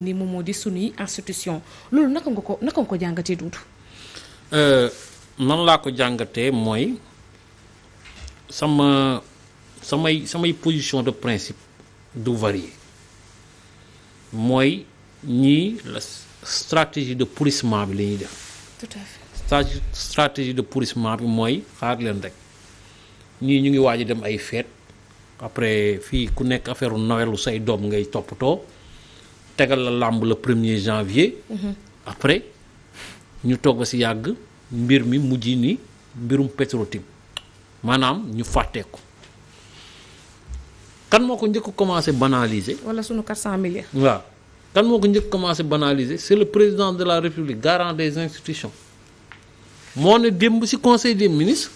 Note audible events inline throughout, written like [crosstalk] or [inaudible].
ni moom moo di sunuy institution loolu naka nga ko naka nga ko jàngatee duutu man euh, laa ko jàngatee mooy sama samay samay position de principe du varier mooy ñii la stratégie de pourrissement bi la ñuy def tout à stratégie de pourrissement bi mooy xaar leen rek ñii ñu ngi waaj a dem ay fête après fii ku nekk affaire u Noël say doom ngay toppatoo tegal la làmb le premier janvier. Mhm. après ñu toog ba si yàgg mbir mi mujj ni mbirum Petro-Tim maanaam ñu fàtte ko kan moo ko njëkk commencé banaliser. wala sunu 400 milliards. waaw kan moo ko njëkk commencé banaliser c'est le président de la république garant des institutions moo ne démb si conseil des ministres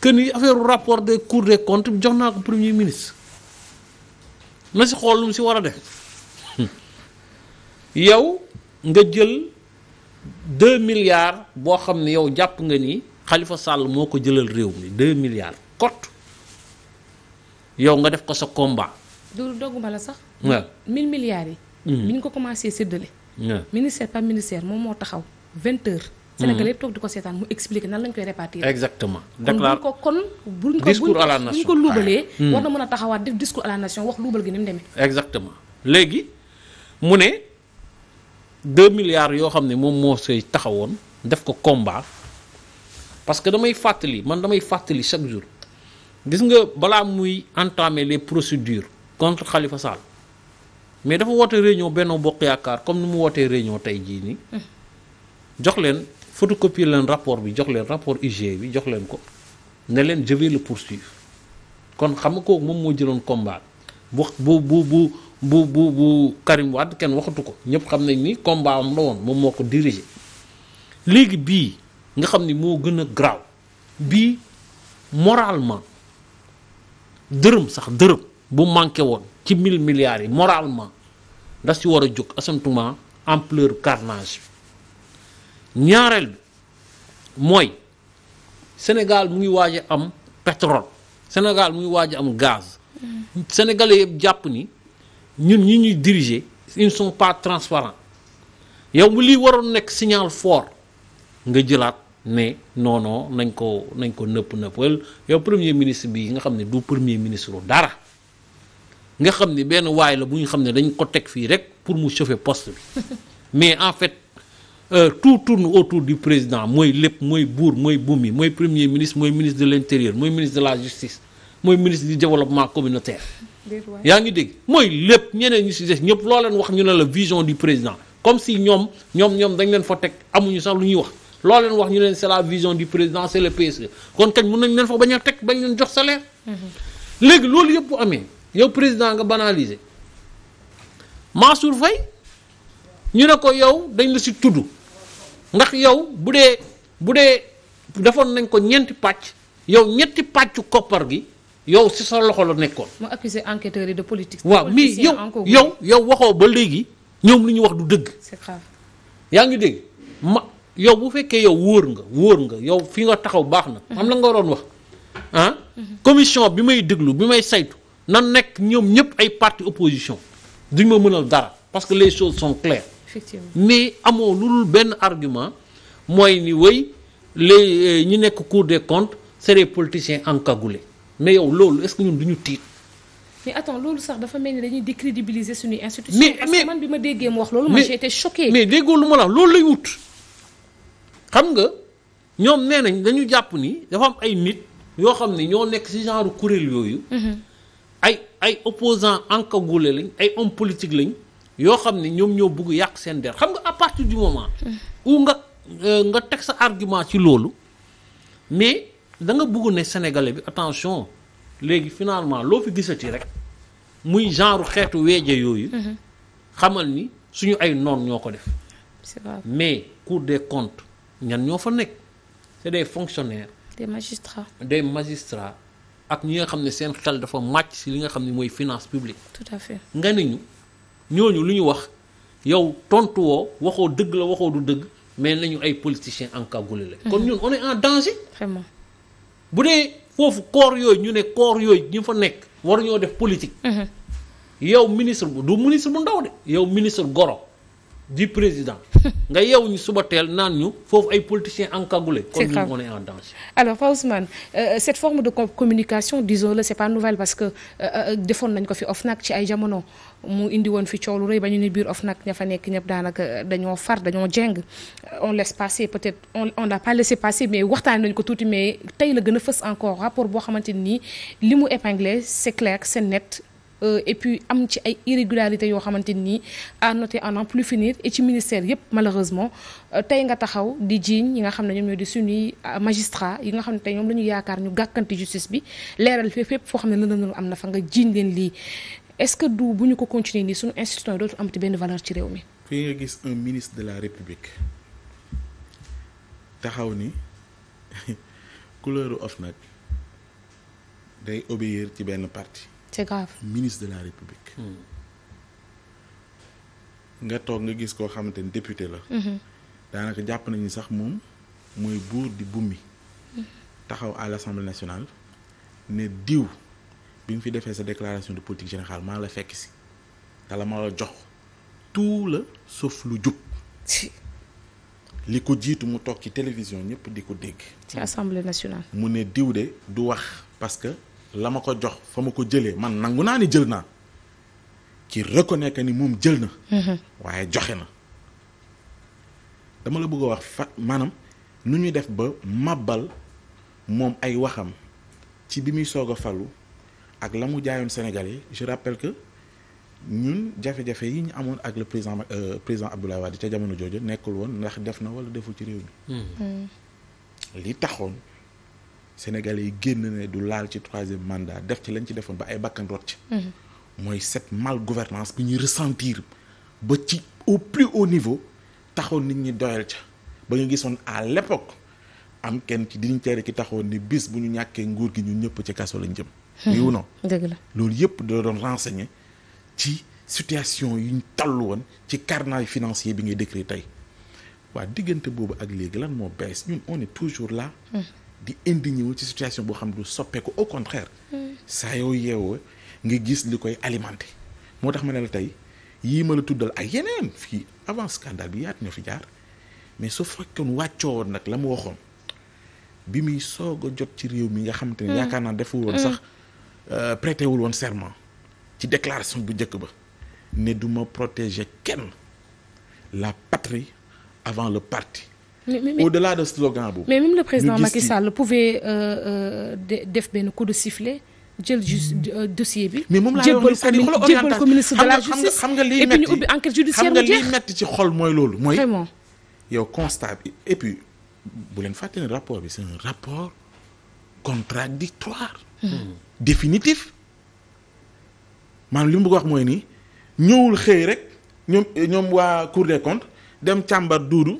que ni affaire rapport des cours des comptes jox naa ko premier ministre na si xool si war a def. yow nga jël deux milliards boo xam ne yow jàpp nga ni xalifa Sall moo ko jëlal réew mi deux milliards kott yow nga def ko sa combat. loolu dogguma la sax. waaw mille milliards yi. Mm. bi ñu ko commencé séddale. waaw ministère par ministère moom moo taxaw vingt heures. Mm. Sénégal yëpp toog di ko seetaan mu expliquer nan lañ koy répartir. exactement déclare kon ko kon. buñ ko discours à la ko luubalee. Mm. war na mën a taxawaat def discours à la nation wax luubal gi ni mu demee. exactement léegi mu ne. deux milliards yoo xam ne moom moo say taxawoon def ko combat parce que damay fàttali man damay fàttali chaque jour gis nga balaa muy entamer les procédures contre xalifa Sall mais dafa woote réunion benn Bokk Yaakaar comme ni mu wootee réunion tey jii nii jox leen photocopier leen rapport bi jox leen rapport ug bi jox leen ko ne leen je vais le kon xam nga kooku moom moo jëloon combat bu bu bu. bu bu bu Karim Wade kenn waxatu ko ñëpp xam nañ ni combat am la woon moom moo ko dirigé léegi bii nga xam ni moo gën a graaw bii moralement dërëm sax dërëm bu manqué woon ci mille milliards yi moralement da si war a jóg asantuma ampleur carnage ñaareel bi mooy Sénégal mu ngi waaj am pétrole Sénégal mu ngi waaj am gaz. Mm. Sénégalais yëpp jàpp ni. ñun ñi ñuy diriger ils son sont pas transparents yow bu lii waroon nekk signal fort nga jëlaat ne non non nañ ko nañ ko nëpp nëppal yow premier ministre bi nga xam ne du premier ministre dara nga xam ne benn waay la bu ñu xam ne dañ ko teg fii rek pour mu chauffer poste bi [laughs] mais en fait euh, tout tourne autour du président mooy lépp mooy buur mooy bumi mooy premier ministre mooy ministre de l'intérieur mooy ministre de la justice mooy ministre du développement communautaire yaa ngi dégg mooy lépp ñeneen ñi si des ñëpp loo leen wax ñu ne la vision du président comme si ñoom ñoom ñoom dañ leen fa teg amuñu sax lu ñuy wax loo leen wax ñu leen c'est la vision du président c'est le PSE kon kañ mun nañ leen fa bañ a teg bañ leen jox salaire mm-hmm. léegi loolu yëpp bu amee yow président nga banaliser Mansour Faye ñu ne ko yow dañ la si tudd ndax yow bu dee bu dee defoon nañ ko ñeenti pàcc yow ñetti pàccu koppar gi yow si sa loxo la nekkoon. mu accusé enquêteurs yi de politique. waaw mais yow yow yow waxoo ba léegi ñoom lu ñu wax du dëgg. c'est yaa ngi dégg ma yow bu fekkee yow wóor nga wóor nga yow fi nga taxaw baax na. am na nga waroon wax ah. commission bi may déglu bi may saytu na nekk ñoom ñëpp ay partie opposition duñ ma mënal dara parce que les choses son claires. effectivement mais amoo lu dul benn argument mooy ni wéy les euh, ñu nekk cour de comptes c'est des politiciens encagoulés. mais yow loolu est-ce ñun du ñu tiit. mais attends loolu sax dafa mel ni dañuy décrédibiliser suñuy institution. mais parce que man bi ma déggee mu wax loolu. man j'étais choqué. mais déggoo lu ma la loolu lay wut xam nga ñoom nee nañ dañu jàpp ni dafa am ay nit yoo xam ne ñoo nekk ci genre kuréel yooyu. Mhm. ay ay opposants encagoulés lañ ay hommes politiques lañ yoo xam ne ñoom ñoo bëgg yàq seen der xam nga à partir du moment. Mhm. où nga euh, nga teg sa argument ci loolu da nga bëgg ne sénégalais bi attention léegi finalement loo fi gisati rek muy genre xeetu weeje yooyu. Mhm. xamal ni suñu ay noon ñoo ko def. mais cour des comptes ñan ñoo fa nekk c'est des fonctionnaires. des magistrats des magistrats ak ñi nga xam ne seen xel dafa màcc ci li nga xam ne mooy finance publique. tout à fait nga ne ñu ñooñu lu ñu wax yow tontu woo waxoo dëgg la waxoo du dëgg mais nañu ay politiciens encagoulés la. kon mhm. ñun on en danger. vraiment. bu dee foofu corps yooyu ñu ne corps yooyu ñu fa nekk war ñoo def politique. Mm-hmm. yow ministre bu du ministre bu ndaw de yow ministre goro. du président [laughs] nga yow ñu suba teel naan ñu foofu ay politiciens encagoulés. c' est grave comme on est en danger. Euh, euh, communication disons le c' est pas nouvelle parce que euh, defoon nañ ko fi OFNAC ci ay jamono mu indi woon fi coow lu ba ñu ne biir nag ña fa nekk ñëpp daanaka dañoo far dañoo jeng on laisse passer peut être on on a pas laissé passer mais waxtaan nañ ko tuuti mais tey la gën a fës encore pour boo xamante ni li mu épinglé c' est clair net. Euh, et puis am ci ay irrégularités yoo xamante nii à noter à n'en plus finir et ci ministère yëpp malheureusement euh, tey nga taxaw di jiiñ yi nga xam ne ñoom ñoo di suñuy euh, magistrat yi nga xam ne tey ñoom la ñu yaakaar ñu gàkkanti justice bi leeral fépp fépp foo xam ne na lëndëm am na fa nga jiiñ leen lii est-ce que du bu ñu ko continuer nii suñu institution yi dootu amati benn valeur ci réew mi fii nga gis un ministre de la république taxaw ni [laughs] couleur u OFNAC day ci benn parti c'est grave ministre de la république. Hmm. nga toog nga gis koo xamante ni député la. Mhm. daanaka jàpp nañu sax moom mooy buur di bummi mhm. taxaw à l'Assemblée nationale ne diw bi nga fi defee sa déclaration de politique générale maa la fekk si te la ma la jox tout la sauf lu jub. li ko jiitu mu toog ci télévision ñëpp di ko dégg. ci assemblée nationale. mu ne diw de du wax parce que. la ma ko jox fa ma ko jëlee man nangu naa ni jël naa ci ki nekk ni moom jël na mhm. waaye joxe na dama la bëgg a wax fa maanaam nu ñuy def ba màbbal moom ay waxam ci bi muy soog a falu ak la mu jaayoon Sénégal yi je rappelle que ñun jafe-jafe yi ñu amoon ak le président euh, président Abdoulaye ca jamono jooju nekkul woon ndax def na wala deful ci réew mi mhm. Mhm. li taxoon Sénégalais yi génn ne du laal ci troisième mandat def ci lañ ci defoon ba ay bakkan rot ci mhm. mooy cette mal gouvernance bi ñuy ressentir ba ci au plus haut niveau taxoon nit ñi doyal ca ba ñu gisoon à l'époque am kenn ci dignitaire ki taxoon ni bis bu ñu ñàkkee nguur gi ñu ñëpp ci kaso lañ jëm. Mhm. oui ou non. dëgg la loolu yëpp da doon renseigner ci situation yu ñu tallu woon ci carnage financier bi ngay décret tey waa diggante boobu ak léegi lan moo bees ñun on di indi ñëw ci situation boo xam ne du soppeeku au contraire. Hmm. saa yoo yeewoo nga gis li koy alimenté. moo tax ma ne la tey yii ma la tuddal ak yeneen fii avant scandale bi yaatu ñoo fi jaar mais su fekkoon wàccoo woon nag la mu waxoon bi muy soog a jot ci réew mi nga xamante ne. Hmm. yaakaar naa deful woon hmm. sax euh, prêter wul woon serment. ci déclaration bu njëkk ba. ne du ma protéger kenn la patrie avant le parti. au-delà de slogan boobu. mais même le président Macky Sall pouvait euh, euh, def benn coup de sifflet. jël juste hmm. euh, dossier bi. mais moom laa yor jébbal ko ministre de la justice xam nga liy metti et puis ñu ubbi enquête judiciaire ci xol mooy loolu. mooy vraiment yow constat bi et puis bu leen fàtte ne rapport bi c'est un rapport contradictoire hmm. Hmm. définitif maanaam li mu bëgg wax mooy nii ñëwul xëy rek ñoom ñoom waa Cour des comptes dem càmbar duudu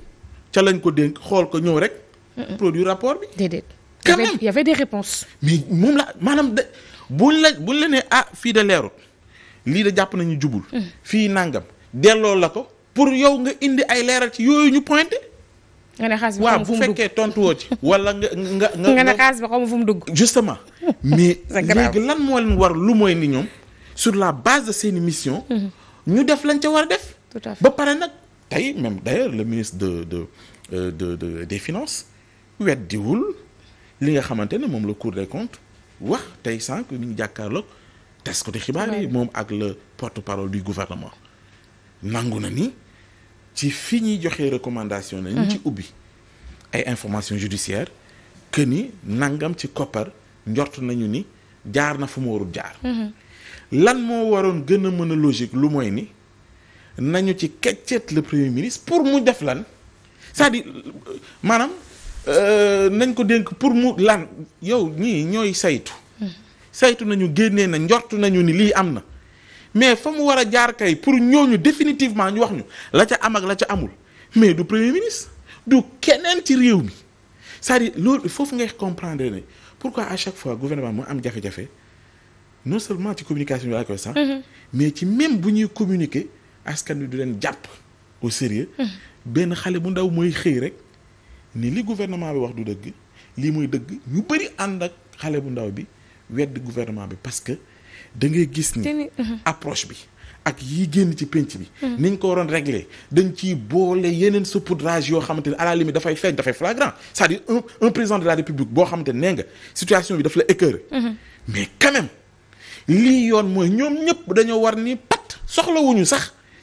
ca lañ ko dénk xool ko ñëw rek. produit rapport bi. déedéet. quand même y avait des réponses. mais moom la maanaam de buñ la buñ la nee ah fii de leerut lii de jàpp nañu jubul. Mm. fii nangam delloo la ko pour yow nga indi ay leeral ci yooyu ñu pointé. nga ne xaalis bi waaw bu fekkee ci. wala nga nga [laughs] nga nga ne xaalis bi ma fu mu dugg. justement [laughs] mais léegi lan moo leen war lu mooy ni ñoom sur la base de seen mission. Mm-hmm. ñu def lañ ca war a def. ba pare nag. tey même d'ailleurs le ministre de de de euh, de, de des finances weddiwul li nga xamante ne moom la cour des comptes wax tey sànq ñu ngi jàkkaarloog taskati xibaar yi moom ak le porte-parole du gouvernement nangu na ni ci fi ñuy joxee recommandation na ñu mhm. ci ubbi ay information judiciaire que ni nangam ci koppar njort nañu ni jaar na fu mu warul jaar mhm. lan moo waroon gën a mën logique lu mooy ni nañu ci keccet le premier ministre pour mu def lan cest di dire maanaam euh, nañ ko dénk pour mu lan yow ñii ñooy saytu saytu nañu génnee na njort nañu ni lii am na mais fa mu war a jaar kay pour ñooñu définitivement ñu wax ñu la ca am ak la ca amul mais du premier ministre du keneen ci réew mi cest à loolu foofu ngay comprendre ne pourquoi à chaque fois gouvernement mu am jafe-jafe non seulement ci communication bi laa koy sax mm-hmm. mais ci même bu ñuy communiquer askan wi du leen jàpp au sérieux benn xale bu ndaw mooy xëy rek ni li gouvernement bi wax du dëgg lii muy dëgg ñu bëri ànd ak xale bu ndaw bi wedd gouvernement bi parce que da gis ni uh-huh. approche bi ak yii génn ci pénc bi uh-huh. niñ ko waroon régler dañ ciy boole yeneen saupoudrage yoo xamante ne à la limite dafay feeñ dafay flagrant c'est-à-dire un un président de la république boo xamante ne nee bi daf la écœuré uh-huh. mais quand même lii yoon mooy ñoom ñëpp dañoo war ni pat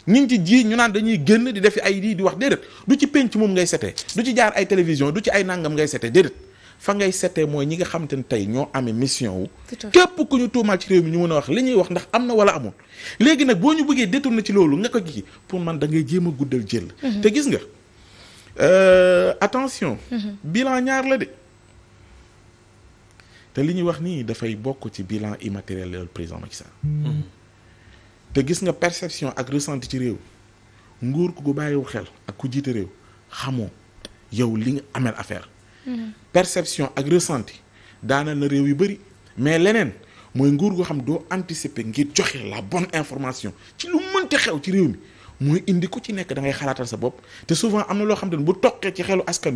ñi ci ji ñu dañuy génn di def ay lii di wax déedéet du ci penc moom ngay setee du ci jaar ay télévision du ci ay nangam ngay setee déedéet fa setee mooy ñi nga xamante ne tey ñoo amee mission wu ñu tuumaal ci réew mi ñu mën a wax li ñuy wax ndax am na wala amul léegi nag boo ñu bëggee détourné ci loolu nga ko gi pour man da ngay jéem a guddal jël mhm. te gis nga euh, attention mhm. bilan ñaar la de te li ñu wax nii dafay bokk ci bilan immatériel président Macky Sall mhm. te gis nga perception ak ressenti ci réew nguur ku ko bàyyiwul xel ak ku jiite réew xamoo yow li nga amel affaire. Mhm. perception ak ressenti daaneel na réew yu bëri mais leneen mooy nguur goo xam doo anticiper ngir joxe la bonne information ci lu mënti xew ci réew mi mooy indi ko ci nekk da ngay xalaatal sa bopp te souvent am na loo xam ne bu toqee ci xelu askan